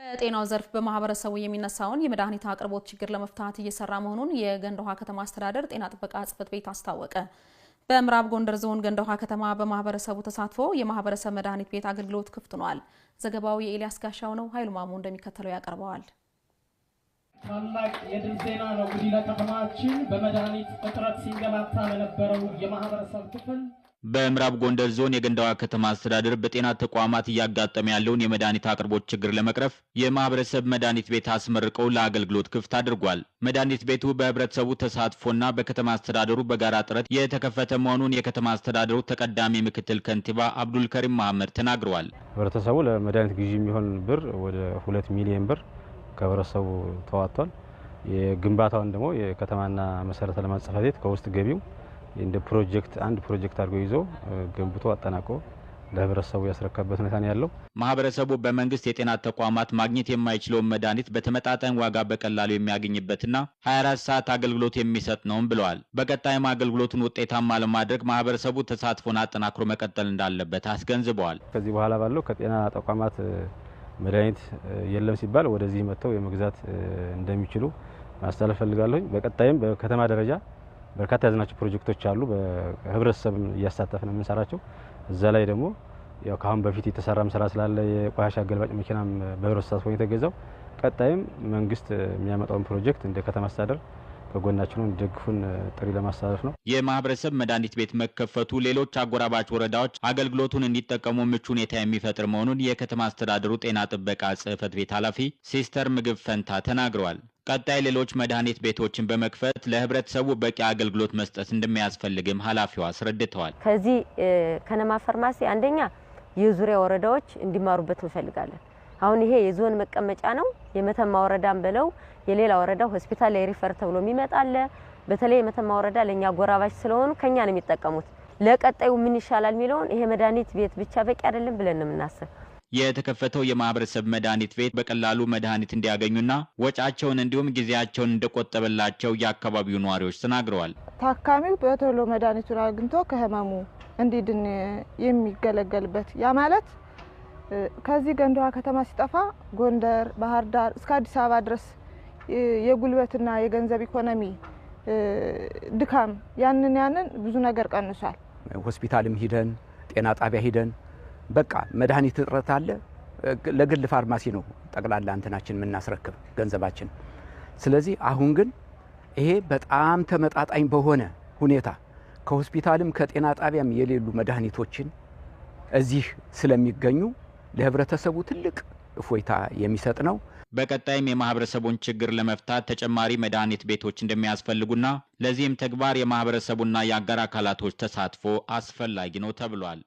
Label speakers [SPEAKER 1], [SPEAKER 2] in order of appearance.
[SPEAKER 1] በጤናው ዘርፍ በማህበረሰቡ የሚነሳውን የመድኃኒት አቅርቦት ችግር ለመፍታት እየሰራ መሆኑን የገንደ ውሃ ከተማ አስተዳደር ጤና ጥበቃ ጽህፈት ቤት አስታወቀ። በምዕራብ ጎንደር ዞን ገንደ ውሃ ከተማ በማህበረሰቡ ተሳትፎ የማህበረሰብ መድኃኒት ቤት አገልግሎት ክፍት ሆኗል። ዘገባው የኤልያስ ጋሻው ነው። ኃይሉ ማሙ እንደሚከተለው ያቀርበዋል።
[SPEAKER 2] ታላቅ የድል ዜና ነው። ጉዲለ ከተማችን በመድኃኒት እጥረት ሲንገላታ ለነበረው የማህበረሰብ ክፍል
[SPEAKER 3] በምዕራብ ጎንደር ዞን የገንዳዋ ከተማ አስተዳደር በጤና ተቋማት እያጋጠመ ያለውን የመድኃኒት አቅርቦት ችግር ለመቅረፍ የማህበረሰብ መድኃኒት ቤት አስመርቀው ለአገልግሎት ክፍት አድርጓል። መድኃኒት ቤቱ በህብረተሰቡ ተሳትፎና በከተማ አስተዳደሩ በጋራ ጥረት የተከፈተ መሆኑን የከተማ አስተዳደሩ ተቀዳሚ ምክትል ከንቲባ አብዱልከሪም መሀመድ ተናግረዋል።
[SPEAKER 4] ህብረተሰቡ ለመድኃኒት ግዢ የሚሆን ብር ወደ ሁለት ሚሊዮን ብር ከህብረተሰቡ ተዋጥቷል። የግንባታውን ደግሞ የከተማና መሰረተ ልማት ቤት ከውስጥ ገቢው እንደ ፕሮጀክት አንድ ፕሮጀክት አድርጎ ይዞ ገንብቶ አጠናቆ ለህብረተሰቡ ያስረካበት ሁኔታ ነው ያለው።
[SPEAKER 3] ማህበረሰቡ በመንግስት የጤና ተቋማት ማግኘት የማይችለውን መድኃኒት በተመጣጣኝ ዋጋ በቀላሉ የሚያገኝበትና 24 ሰዓት አገልግሎት የሚሰጥ ነውም ብለዋል። በቀጣይም አገልግሎቱን ውጤታማ ለማድረግ ማህበረሰቡ ተሳትፎን አጠናክሮ መቀጠል እንዳለበት አስገንዝበዋል።
[SPEAKER 4] ከዚህ በኋላ ባለው ከጤና ተቋማት መድኃኒት የለም ሲባል ወደዚህ መጥተው የመግዛት እንደሚችሉ ማስተላለፍ ፈልጋለሁኝ። በቀጣይም በከተማ ደረጃ በርካታ ያዝናቸው ፕሮጀክቶች አሉ። በህብረተሰብ እያሳተፍ ነው የምንሰራቸው። እዛ ላይ ደግሞ ያው ከአሁን በፊት የተሰራም ስራ ስላለ የቆሻሻ አገልባጭ መኪናም በህብረተሰብ ሆኖ የተገዛው፣ ቀጣይም መንግስት የሚያመጣውን ፕሮጀክት እንደ ከተማ አስተዳደር ከጎናችንን ደግፉን ጥሪ ለማስተላለፍ ነው።
[SPEAKER 3] የማህበረሰብ መድኃኒት ቤት መከፈቱ ሌሎች አጎራባች ወረዳዎች አገልግሎቱን እንዲጠቀሙ ምቹ ሁኔታ የሚፈጥር መሆኑን የከተማ አስተዳደሩ ጤና ጥበቃ ጽህፈት ቤት ኃላፊ ሲስተር ምግብ ፈንታ ተናግረዋል። ቀጣይ ሌሎች መድኃኒት ቤቶችን በመክፈት ለህብረተሰቡ በቂ አገልግሎት መስጠት እንደሚያስፈልግም ኃላፊዋ አስረድተዋል።
[SPEAKER 5] ከዚህ ከነማ ፋርማሲ አንደኛ የዙሪያ ወረዳዎች እንዲማሩበት እንፈልጋለን። አሁን ይሄ የዞን መቀመጫ ነው። የመተማ ወረዳን ብለው የሌላ ወረዳ ሆስፒታል ሪፈር ተብሎ የሚመጣለ በተለይ የመተማ ወረዳ ለኛ ጎራባች ስለሆኑ ከኛ ነው የሚጠቀሙት። ለቀጣዩ ምን ይሻላል የሚለውን ይሄ መድኃኒት ቤት ብቻ በቂ አይደለም ብለን የምናስብ
[SPEAKER 3] የተከፈተው የማህበረሰብ መድኃኒት ቤት በቀላሉ መድኃኒት እንዲያገኙና ወጪያቸውን እንዲሁም ጊዜያቸውን እንደቆጠበላቸው የአካባቢው ነዋሪዎች ተናግረዋል።
[SPEAKER 6] ታካሚው በቶሎ መድኃኒቱን አግኝቶ ከህመሙ እንዲድን የሚገለገልበት ያ ማለት ከዚህ ገንዳዋ ከተማ ሲጠፋ ጎንደር፣ ባህር ዳር እስከ አዲስ አበባ ድረስ የጉልበትና የገንዘብ ኢኮኖሚ ድካም ያንን ያንን ብዙ ነገር ቀንሷል።
[SPEAKER 7] ሆስፒታልም ሂደን ጤና ጣቢያ ሂደን በቃ መድኃኒት እጥረት አለ። ለግል ፋርማሲ ነው ጠቅላላ እንትናችን የምናስረክብ ገንዘባችን። ስለዚህ አሁን ግን ይሄ በጣም ተመጣጣኝ በሆነ ሁኔታ ከሆስፒታልም ከጤና ጣቢያም የሌሉ መድኃኒቶችን እዚህ ስለሚገኙ ለህብረተሰቡ ትልቅ እፎይታ የሚሰጥ ነው።
[SPEAKER 3] በቀጣይም የማህበረሰቡን ችግር ለመፍታት ተጨማሪ መድኃኒት ቤቶች እንደሚያስፈልጉና ለዚህም ተግባር የማህበረሰቡና የአጋር አካላቶች ተሳትፎ አስፈላጊ ነው ተብሏል።